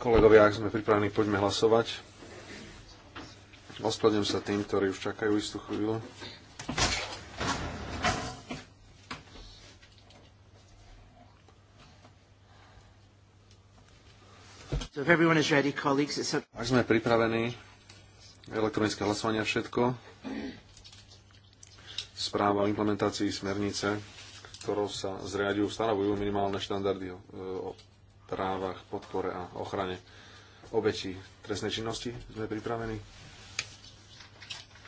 Kolegovia, ak sme pripravení, poďme hlasovať. Ospravedlňujem sa tým, ktorí už čakajú istú chvíľu. So ready, Ak sme pripravení, elektronické hlasovania všetko. Správa o implementácii smernice ktorou sa zriadujú, stanovujú minimálne štandardy o právach, podpore a ochrane obetí trestnej činnosti. Sme pripravení.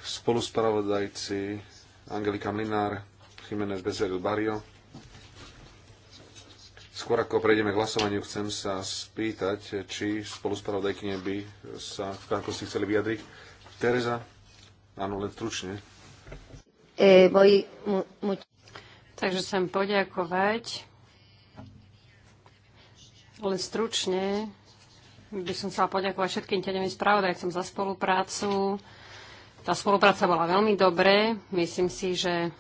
Spoluspravodajci Angelika Mlinár, Jiménez Bezeril Barrio. Skôr ako prejdeme k hlasovaniu, chcem sa spýtať, či spoluspravodajkyne by sa ako si chceli vyjadriť. Tereza, áno, len stručne. E, voy, mu, mu... Takže chcem poďakovať. Len stručne by som chcela poďakovať všetkým tenovým spravodajcom za spoluprácu. Tá spolupráca bola veľmi dobré. Myslím si, že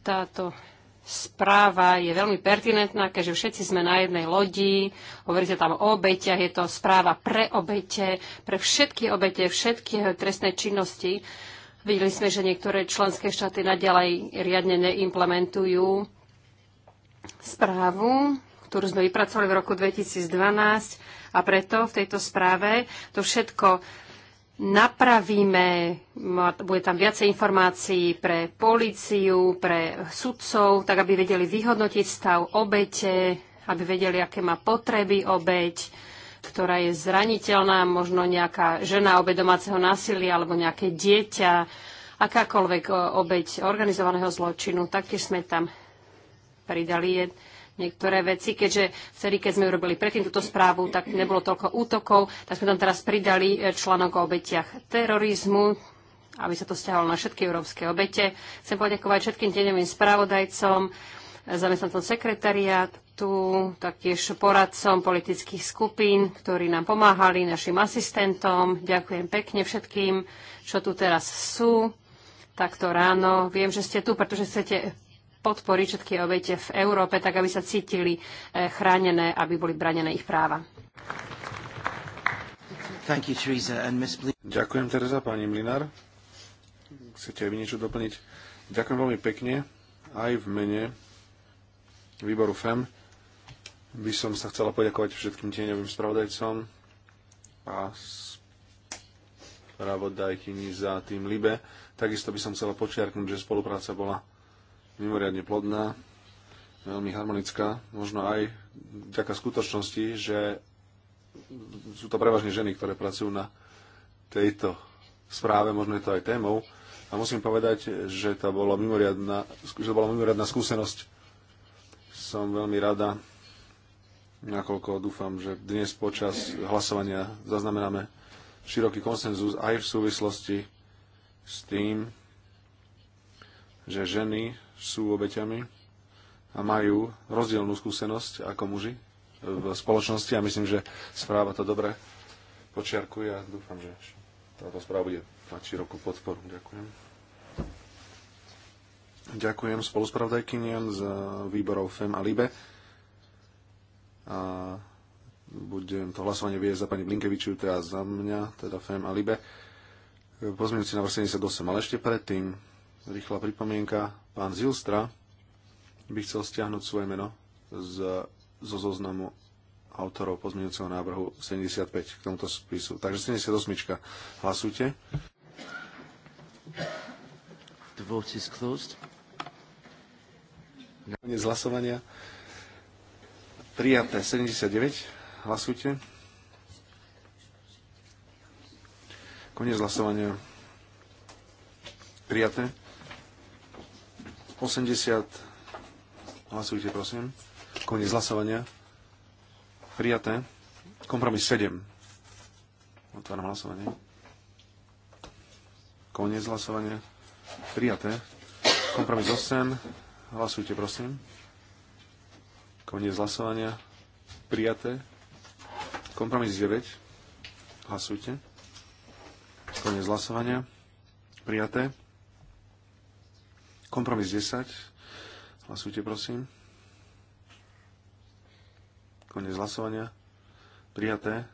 táto správa je veľmi pertinentná, keďže všetci sme na jednej lodi, hovoríte tam o obeťach, je to správa pre obete, pre všetky obete, všetky trestné činnosti. Videli sme, že niektoré členské štáty nadalej riadne neimplementujú správu, ktorú sme vypracovali v roku 2012 a preto v tejto správe to všetko napravíme, bude tam viacej informácií pre políciu, pre sudcov, tak aby vedeli vyhodnotiť stav obete, aby vedeli, aké má potreby obeť, ktorá je zraniteľná, možno nejaká žena obe domáceho násilia alebo nejaké dieťa, akákoľvek obeď organizovaného zločinu, taktiež sme tam pridali niektoré veci, keďže vtedy, keď sme urobili predtým túto správu, tak nebolo toľko útokov, tak sme tam teraz pridali e, článok o obetiach terorizmu, aby sa to stiahlo na všetky európske obete. Chcem poďakovať všetkým tieňovým spravodajcom, e, zamestnancom sekretariát, tu taktiež poradcom politických skupín, ktorí nám pomáhali, našim asistentom. Ďakujem pekne všetkým, čo tu teraz sú. Takto ráno. Viem, že ste tu, pretože chcete podporiť všetky obete v Európe, tak aby sa cítili eh, chránené, aby boli branené ich práva. Thank you, Teresa, and Ďakujem, Teresa. Pani Mlinár, chcete aj vy niečo doplniť? Ďakujem veľmi pekne, aj v mene výboru FEM by som sa chcela poďakovať všetkým tieňovým spravodajcom a spravodajkyni za tým Libe. Takisto by som chcela počiarknúť, že spolupráca bola mimoriadne plodná, veľmi harmonická, možno aj vďaka skutočnosti, že sú to prevažne ženy, ktoré pracujú na tejto správe, možno je to aj témou. A musím povedať, že to bola mimoriadná, že to bola mimoriadná skúsenosť. Som veľmi rada, nakoľko dúfam, že dnes počas hlasovania zaznamenáme široký konsenzus aj v súvislosti s tým, že ženy sú obeťami a majú rozdielnú skúsenosť ako muži v spoločnosti a myslím, že správa to dobre počiarkuje a dúfam, že táto správa bude mať širokú podporu. Ďakujem. Ďakujem spoluspravdajkyniam z výborov FEM a LIBE a budem to hlasovanie viesť za pani Blinkevičiu, teda za mňa, teda FEM a LIBE. Pozmeňujúci návrh 78, ale ešte predtým rýchla pripomienka. Pán Zilstra by chcel stiahnuť svoje meno z, zo zoznamu autorov pozmeňujúceho návrhu 75 k tomuto spisu. Takže 78. Hlasujte. The vote is closed. Konec hlasovania. Prijaté 79. Hlasujte. Koniec hlasovania. Prijaté. 80. Hlasujte, prosím. Konec hlasovania. Prijaté. Kompromis 7. Otváram hlasovanie. Koniec hlasovania. Prijaté. Kompromis 8. Hlasujte, prosím. Koniec hlasovania. Prijaté. Kompromis 9. Hlasujte. Koniec hlasovania. Prijaté. Kompromis 10. Hlasujte, prosím. Koniec hlasovania. Prijaté.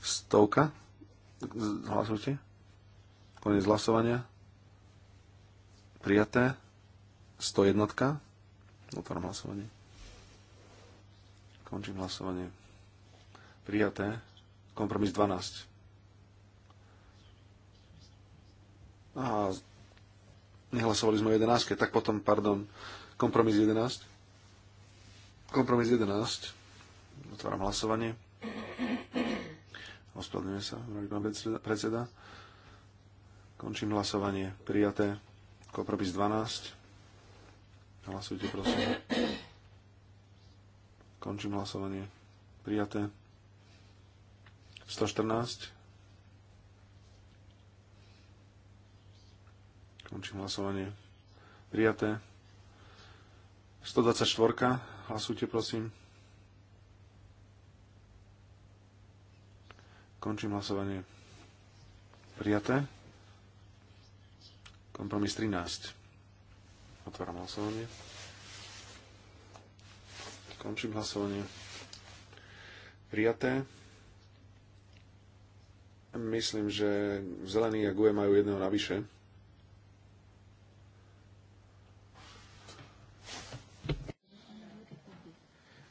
Stovka. Hlasujte. Koniec hlasovania. Prijaté. 101. otvorím hlasovanie. Končím hlasovanie. Prijaté. Kompromis 12. A nehlasovali sme o 11, tak potom, pardon, kompromis 11. Kompromis 11. Otváram hlasovanie. Ospravedlňuje sa, hovorí pán predseda. Končím hlasovanie. Prijaté. Kompromis 12. Hlasujte, prosím. Končím hlasovanie. Prijaté. 114. Končím hlasovanie. Prijaté. 124. Hlasujte, prosím. Končím hlasovanie. Prijaté. Kompromis 13. Otváram hlasovanie. Končím hlasovanie. Prijaté. Myslím, že zelení a GUE majú jedného navyše.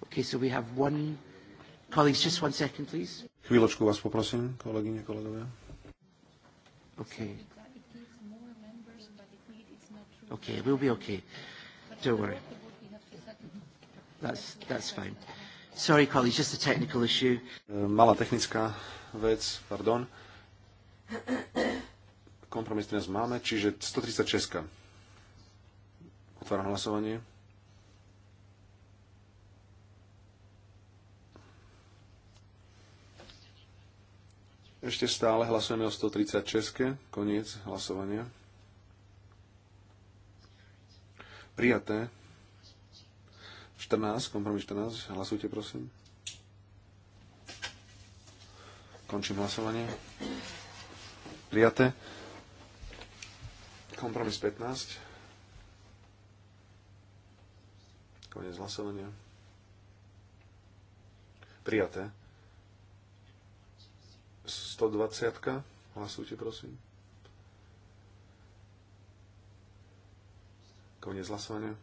Okay, so we have one... Colleagues, just one second, please. Chvíľočku vás poprosím, kolegyne, kolegovia. Okay. Okay, we'll be okay. Don't worry. That's, that's fine. Sorry, colleagues, just a technical issue. E, malá technická vec, pardon. Kompromis dnes máme, čiže 136. Otváram hlasovanie. Ešte stále hlasujeme o 136. Koniec hlasovania. Prijaté. 14, kompromis 14, hlasujte prosím. Končím hlasovanie. Prijaté. Kompromis 15. Konec hlasovania. Prijaté. 120. Hlasujte, prosím. Konec hlasovania.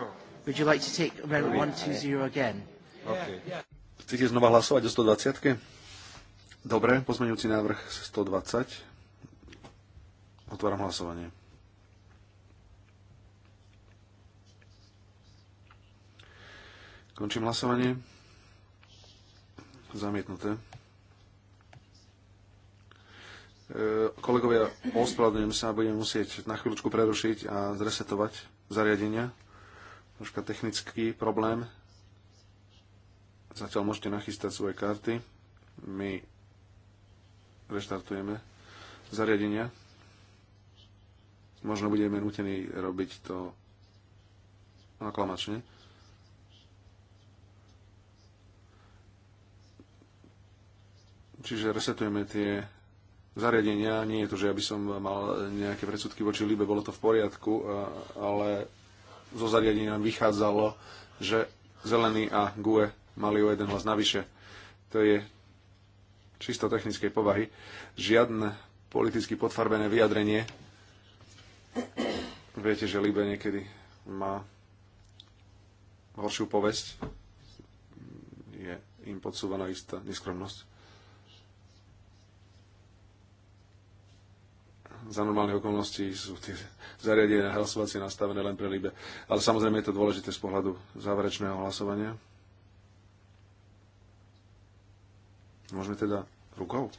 Oh. Would you like to take amendment 120 again? Okay. Chcete znova hlasovať o 120? -tke? Dobre, pozmeňujúci návrh 120. Otváram hlasovanie. Končím hlasovanie. Zamietnuté. E, kolegovia, ospravedlňujem sa, budem musieť na chvíľučku prerušiť a zresetovať zariadenia. Troška technický problém. Zatiaľ môžete nachystať svoje karty. My reštartujeme zariadenia. Možno budeme nutení robiť to aklamačne. Čiže resetujeme tie zariadenia. Nie je to, že ja by som mal nejaké predsudky voči Libe, bolo to v poriadku, ale zo zariadenia nám vychádzalo, že Zelený a GUE mali o jeden hlas navyše. To je čisto technickej povahy. Žiadne politicky podfarbené vyjadrenie. Viete, že Libe niekedy má horšiu povesť. Je im podsúvaná istá neskromnosť. za normálne okolnosti sú tie zariadenia hlasovacie nastavené len pre líbe. Ale samozrejme je to dôležité z pohľadu záverečného hlasovania. Môžeme teda rukou?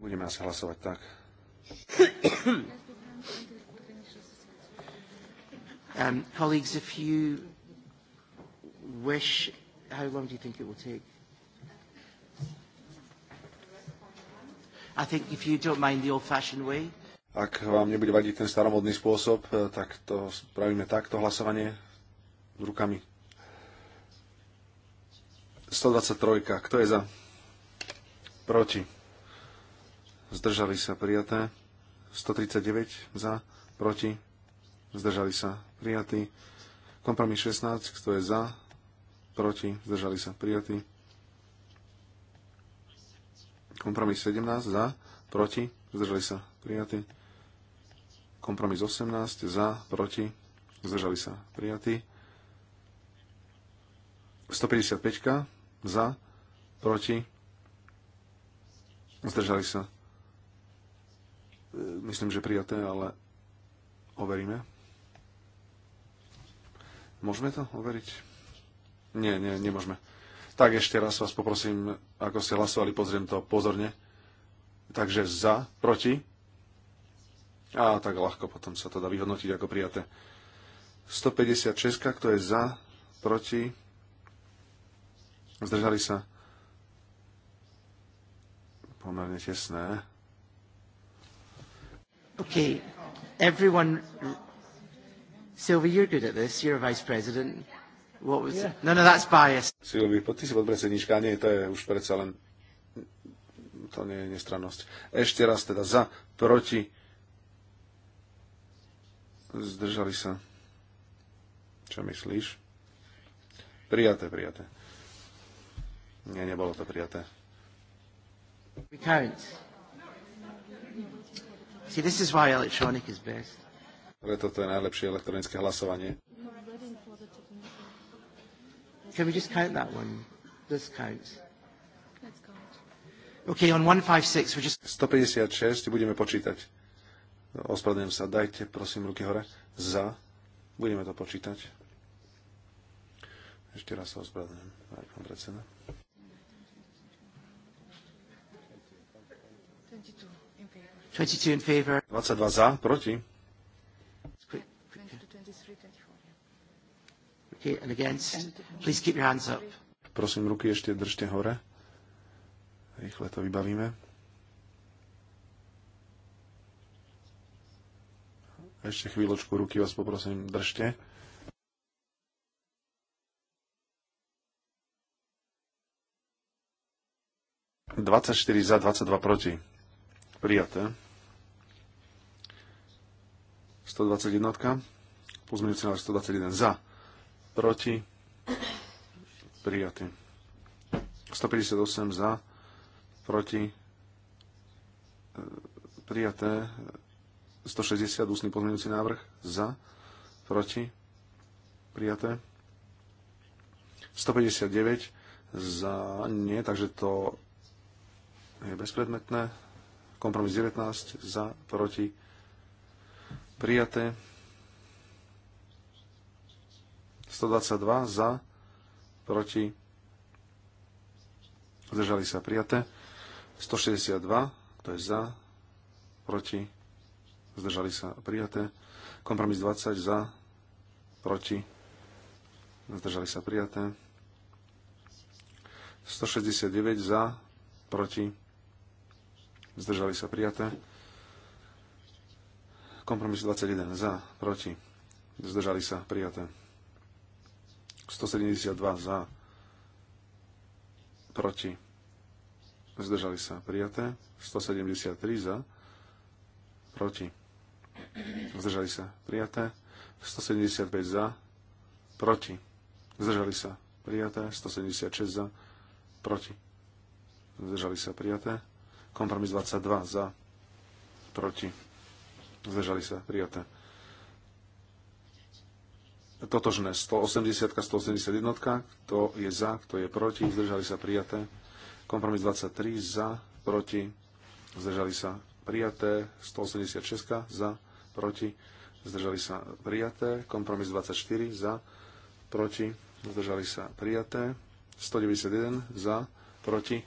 Budeme asi hlasovať tak. um, colleagues, if you wish, how long do you think it will take? Ak vám nebude vadiť ten staromodný spôsob, eh, tak to spravíme takto hlasovanie rukami. 123. Kto je za? Proti. Zdržali sa prijaté. 139 za, proti. Zdržali sa prijatí. Kompromis 16. Kto je za? Proti. Zdržali sa prijatí. Kompromis 17 za, proti, zdržali sa, prijatý. Kompromis 18 za, proti, zdržali sa, prijatý. 155 za, proti, zdržali sa. E, myslím, že prijaté, ale overíme. Môžeme to overiť? Nie, nie, nemôžeme. Tak ešte raz vás poprosím, ako ste hlasovali, pozriem to pozorne. Takže za, proti. A tak ľahko potom sa to dá vyhodnotiť ako prijaté. 156, kto je za, proti. Zdržali sa. Pomerne tesné. OK. Everyone... Sylvie, you're good at this. You're a vice president. What was yeah. No, no, that's Silvi, ty si podpredsednička, nie, to je už predsa len... To nie je nestrannosť. Ešte raz teda za, proti. Zdržali sa. Čo myslíš? Prijaté, prijaté. Nie, nebolo to prijaté. See, this is why electronic is best. Preto to je najlepšie elektronické hlasovanie. Can we just count that one? This counts. OK, on 156, we're just... 156 budeme počítať. No, ospravedlňujem sa, dajte prosím ruky hore. Za. Budeme to počítať. Ešte raz sa ospravedlňujem, aj pán predseda. in favor. 22 za, proti. Okay, and against. Please keep your hands up. Prosím, ruky ešte držte hore. Rýchle to vybavíme. Ešte chvíľočku ruky vás poprosím, držte. Dvadsaťštyri za, 22 proti. Prijaté. 121. Pozmeňujúci návrh 121 za proti, prijatý. 158 za, proti, prijaté. 160 ústny pozmeňujúci návrh za, proti, prijaté. 159 za nie, takže to je bezpredmetné. Kompromis 19 za, proti, prijaté. 122 za, proti, zdržali sa prijaté. 162, to je za, proti, zdržali sa prijaté. Kompromis 20 za, proti, zdržali sa prijaté. 169 za, proti, zdržali sa prijaté. Kompromis 21 za, proti, zdržali sa prijaté. 172 za, proti, zdržali sa prijaté, 173 za, proti, zdržali sa prijaté, 175 za, proti, zdržali sa prijaté, 176 za, proti, zdržali sa prijaté, kompromis 22 za, proti, zdržali sa prijaté totožné 180, 181, kto je za, kto je proti, zdržali sa prijaté. Kompromis 23 za, proti, zdržali sa prijaté. 186 za, proti, zdržali sa prijaté. Kompromis 24 za, proti, zdržali sa prijaté. 191 za, proti,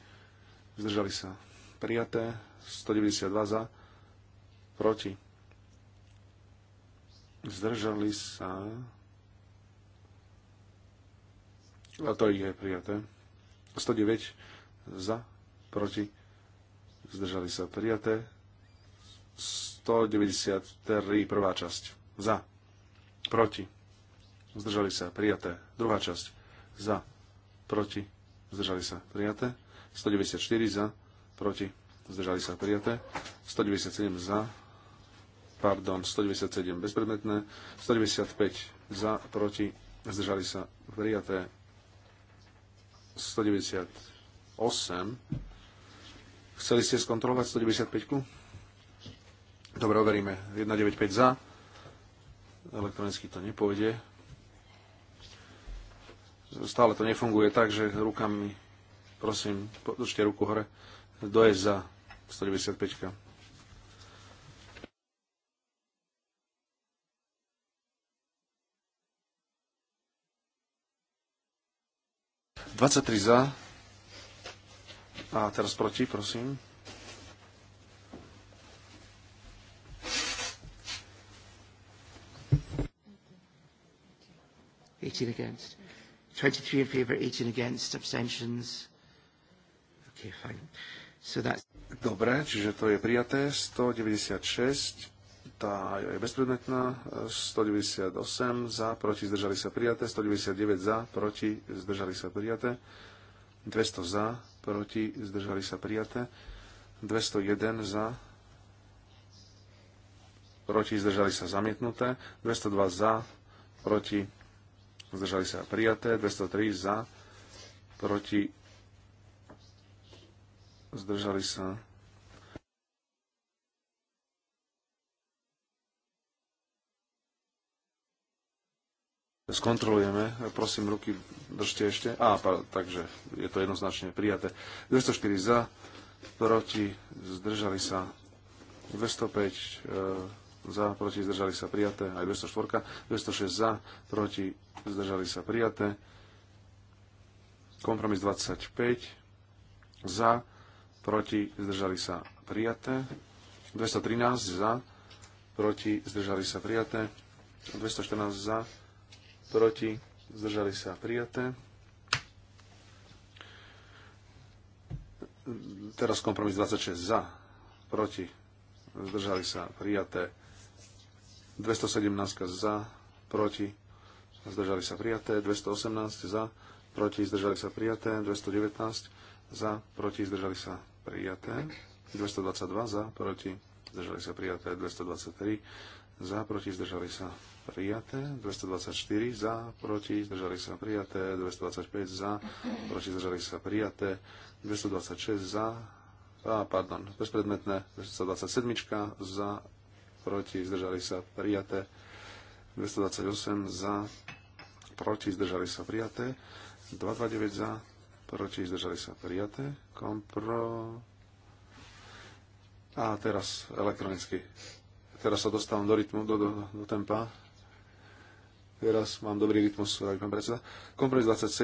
zdržali sa prijaté. 192 za, proti, zdržali sa a to je prijaté. 109 za, proti, zdržali sa prijaté. 193 prvá časť za, proti, zdržali sa prijaté. Druhá časť za, proti, zdržali sa prijaté. 194 za, proti, zdržali sa prijaté. 197 za, pardon, 197 bezpredmetné, 195 za, proti, zdržali sa prijaté, 198. Chceli ste skontrolovať 195? Dobre, overíme. 195 za. Elektronicky to nepôjde. Stále to nefunguje tak, že rukami, prosím, podržte ruku hore. Dojezd za 195? 23 za. A teraz proti, prosím. against. twenty in favour, eighteen against. Abstentions. Okay, fine. So that's... Dobre, čiže to je prijaté. 196 tá je bezpredmetná. 198 za, proti, zdržali sa prijaté. 199 za, proti, zdržali sa prijaté. 200 za, proti, zdržali sa prijaté. 201 za, proti, zdržali sa zamietnuté. 202 za, proti, zdržali sa prijaté. 203 za, proti, zdržali sa prijaté skontrolujeme. Prosím, ruky držte ešte. Á, takže je to jednoznačne prijaté. 204 za, proti, zdržali sa. 205 e, za, proti, zdržali sa prijaté. Aj 204. 206 za, proti, zdržali sa prijaté. Kompromis 25 za, proti, zdržali sa prijaté. 213 za, proti, zdržali sa prijaté. 214 za, proti, zdržali sa prijaté. Teraz kompromis 26 za, proti, zdržali sa prijaté. 217 za, proti, zdržali sa prijaté. 218 za, proti, zdržali sa prijaté. 219 za, proti, zdržali sa prijaté. 222 za, proti, zdržali sa prijaté. 223 za, proti, zdržali sa prijaté, 224 za, proti, zdržali sa prijaté, 225 za, proti, zdržali sa prijaté, 226 za, a, pardon, bezpredmetné, 227 za, proti, zdržali sa prijaté, 228 za, proti, zdržali sa prijaté, 229 za, proti, zdržali sa prijaté, kompro... A teraz elektronicky Teraz sa dostávam do rytmu, do, do, do tempa. Teraz mám dobrý rytmus, tak pán predseda. Kompromis 27, e,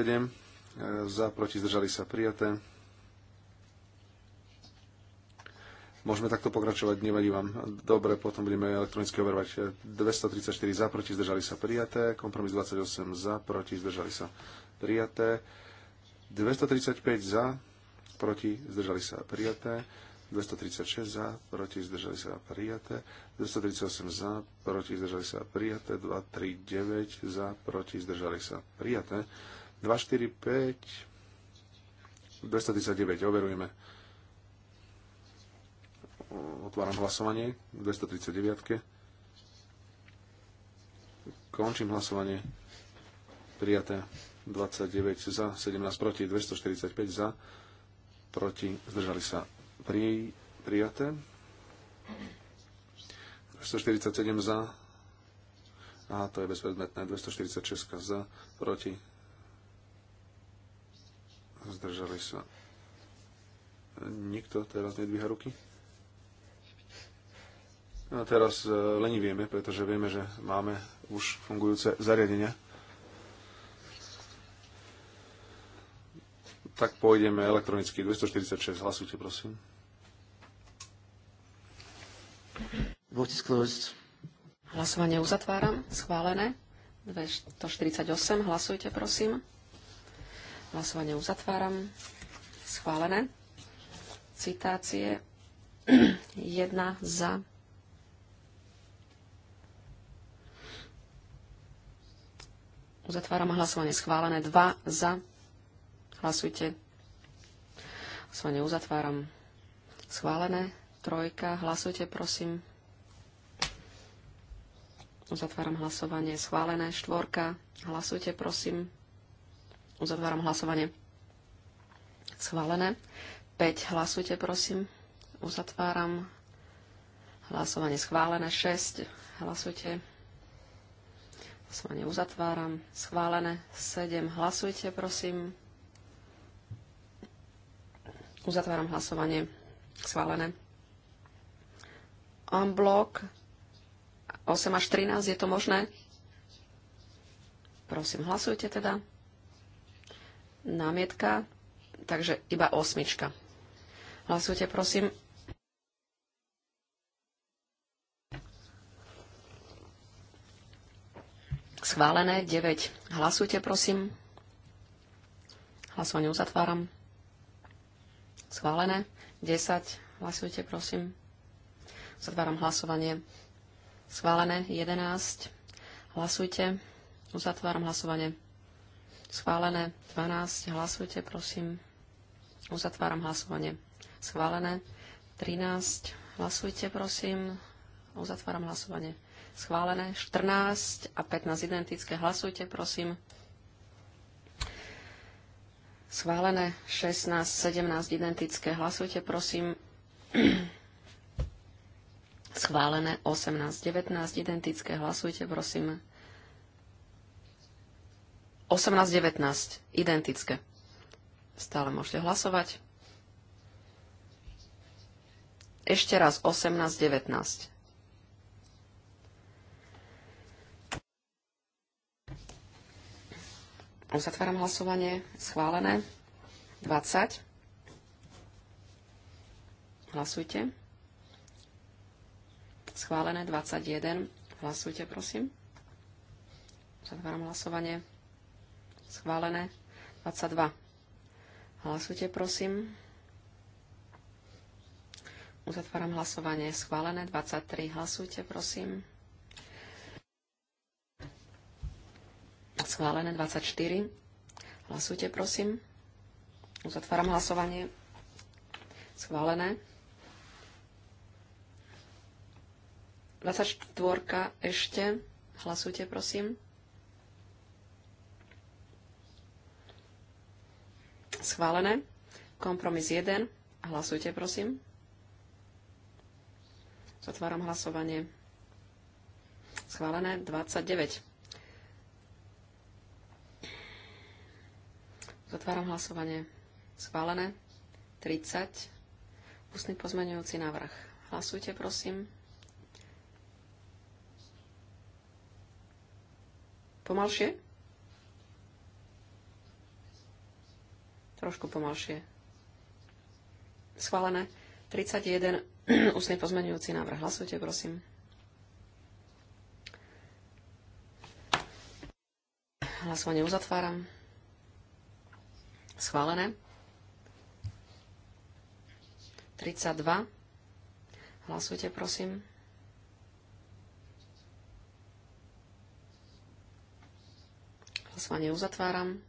za, proti, zdržali sa, prijaté. Môžeme takto pokračovať, nevadí vám. Dobre, potom budeme elektronicky overovať. 234 za, proti, zdržali sa, prijaté. Kompromis 28 za, proti, zdržali sa, prijaté. 235 za, proti, zdržali sa, prijaté. 236 za, proti zdržali sa prijaté, 238 za, proti zdržali sa prijaté, 239 za, proti zdržali sa prijaté, 245, 239, overujeme. Otváram hlasovanie, 239. Končím hlasovanie. Prijaté 29 za, 17 proti, 245 za, proti, zdržali sa pri, prijaté. 247 za. A to je bezpredmetné. 246 za. Proti. Zdržali sa. Nikto teraz nedvíha ruky? A teraz e, len vieme, pretože vieme, že máme už fungujúce zariadenia. tak pôjdeme elektronicky. 246, hlasujte prosím. Vote is closed. Hlasovanie uzatváram. Schválené. 248. Hlasujte, prosím. Hlasovanie uzatváram. Schválené. Citácie. 1 za. Uzatváram hlasovanie schválené. Dva za. Hlasujte. Hlasovanie uzatváram. Schválené. Trojka. Hlasujte, prosím. Uzatváram hlasovanie. Schválené. Štvorka. Hlasujte, prosím. Uzatváram hlasovanie. Schválené. 5. Hlasujte, prosím. Uzatváram. Hlasovanie schválené. 6. Hlasujte. Hlasovanie uzatváram. Schválené. 7. Hlasujte, prosím. Uzatváram hlasovanie. Schválené. blok 8 až 13, je to možné? Prosím, hlasujte teda. Námietka, takže iba osmička. Hlasujte, prosím. Schválené 9. Hlasujte, prosím. Hlasovanie uzatváram. Schválené. 10. Hlasujte, prosím. Zatváram hlasovanie. Schválené. 11. Hlasujte. Uzatváram hlasovanie. Schválené. 12. Hlasujte, prosím. Uzatváram hlasovanie. Schválené. 13. Hlasujte, prosím. Uzatváram hlasovanie. Schválené. 14 a 15 identické. Hlasujte, prosím. Schválené 16, 17 identické. Hlasujte, prosím. Schválené 18, 19 identické. Hlasujte, prosím. 18, 19 identické. Stále môžete hlasovať. Ešte raz 18, 19. Uzatváram hlasovanie. Schválené. 20. Hlasujte. Schválené 21. Hlasujte, prosím. Uzatváram hlasovanie. Schválené 22. Hlasujte, prosím. Uzatváram hlasovanie. Schválené 23. Hlasujte, prosím. Schválené 24. Hlasujte, prosím. Uzatváram hlasovanie. Schválené. 24. ešte. Hlasujte, prosím. Schválené. Kompromis 1. Hlasujte, prosím. Zatváram hlasovanie. Schválené 29. Zatváram hlasovanie. Schválené. 30. Ústny pozmeňujúci návrh. Hlasujte, prosím. Pomalšie? Trošku pomalšie. Schválené. 31. Ústny pozmeňujúci návrh. Hlasujte, prosím. Hlasovanie uzatváram. Schválené. 32. Hlasujte, prosím. Hlasovanie uzatváram.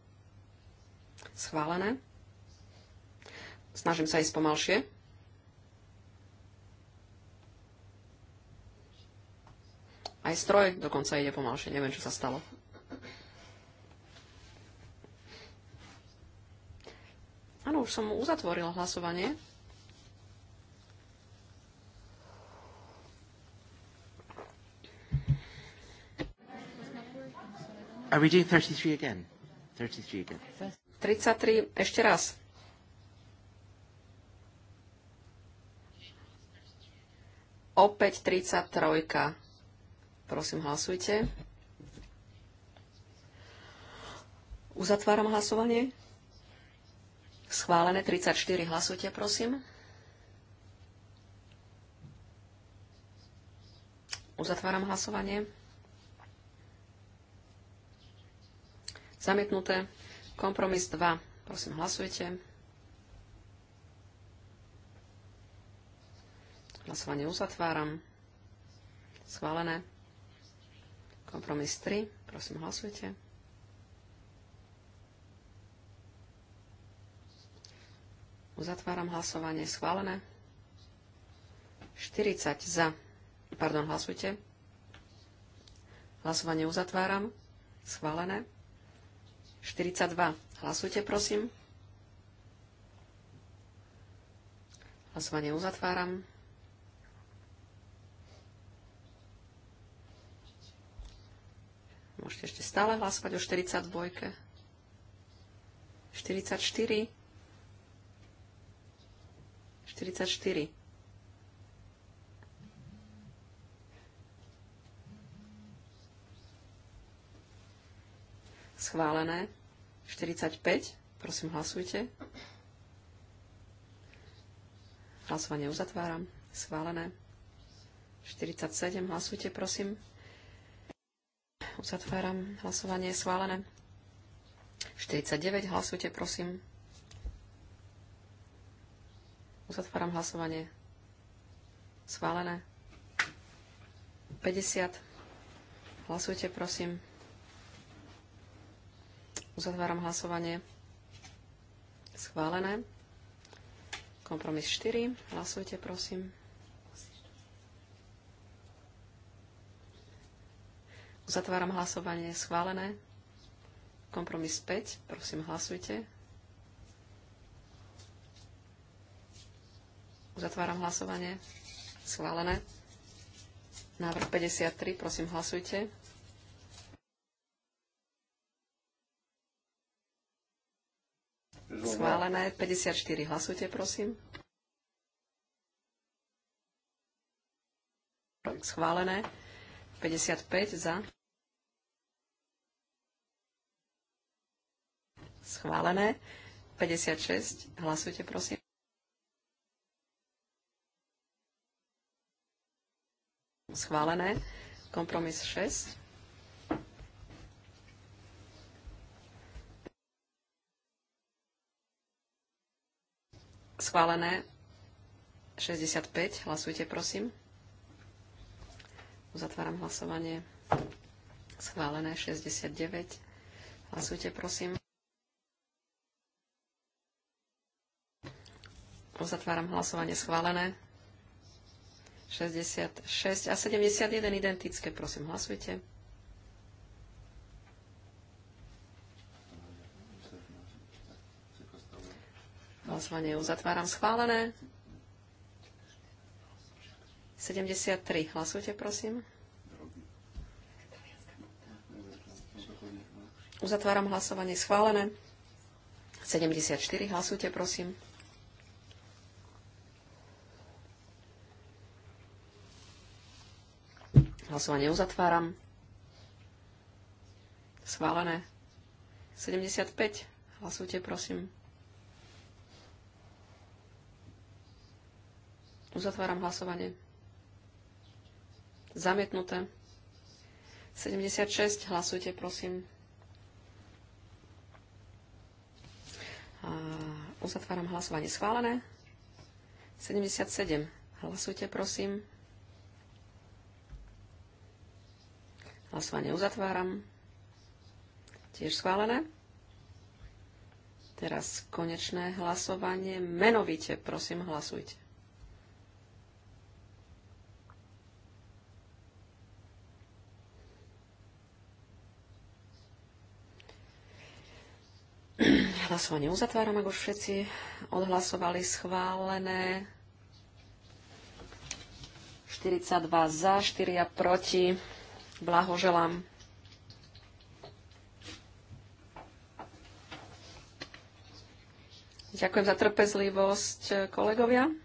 Schválené. Snažím sa ísť pomalšie. Aj stroj dokonca ide pomalšie. Neviem, čo sa stalo. Už som uzatvoril hlasovanie. Are we doing 33 again? 33 again. 33 ešte raz. Opäť 33. Prosím, hlasujte. Uzatváram hlasovanie. Schválené 34. Hlasujte, prosím. Uzatváram hlasovanie. Zamietnuté. Kompromis 2. Prosím, hlasujte. Hlasovanie uzatváram. Schválené. Kompromis 3. Prosím, hlasujte. Uzatváram hlasovanie. Schválené. 40 za. Pardon, hlasujte. Hlasovanie uzatváram. Schválené. 42. Hlasujte, prosím. Hlasovanie uzatváram. Môžete ešte stále hlasovať o 42. 44. 44. Schválené. 45. Prosím, hlasujte. Hlasovanie uzatváram. Schválené. 47. Hlasujte, prosím. Uzatváram hlasovanie. Schválené. 49. Hlasujte, prosím. Uzatváram hlasovanie. Schválené. 50. Hlasujte, prosím. Uzatváram hlasovanie. Schválené. Kompromis 4. Hlasujte, prosím. Uzatváram hlasovanie. Schválené. Kompromis 5. Prosím, hlasujte. Uzatváram hlasovanie. Schválené. Návrh 53, prosím, hlasujte. Schválené. 54, hlasujte, prosím. Schválené. 55 za. Schválené. 56. Hlasujte, prosím. Schválené. Kompromis 6. Schválené 65. Hlasujte, prosím. Uzatváram hlasovanie. Schválené 69. Hlasujte, prosím. Uzatváram hlasovanie schválené. 66 a 71 identické. Prosím, hlasujte. Hlasovanie uzatváram schválené. 73. Hlasujte, prosím. Uzatváram hlasovanie schválené. 74. Hlasujte, prosím. Hlasovanie uzatváram. Schválené. 75. Hlasujte, prosím. Uzatváram hlasovanie. Zamietnuté. 76. Hlasujte, prosím. uzatváram hlasovanie schválené. 77. Hlasujte, prosím. Hlasovanie uzatváram. Tiež schválené. Teraz konečné hlasovanie. Menovite, prosím, hlasujte. Hlasovanie uzatváram, ak už všetci odhlasovali schválené. 42 za, 4 proti. Blahoželám. Ďakujem za trpezlivosť, kolegovia.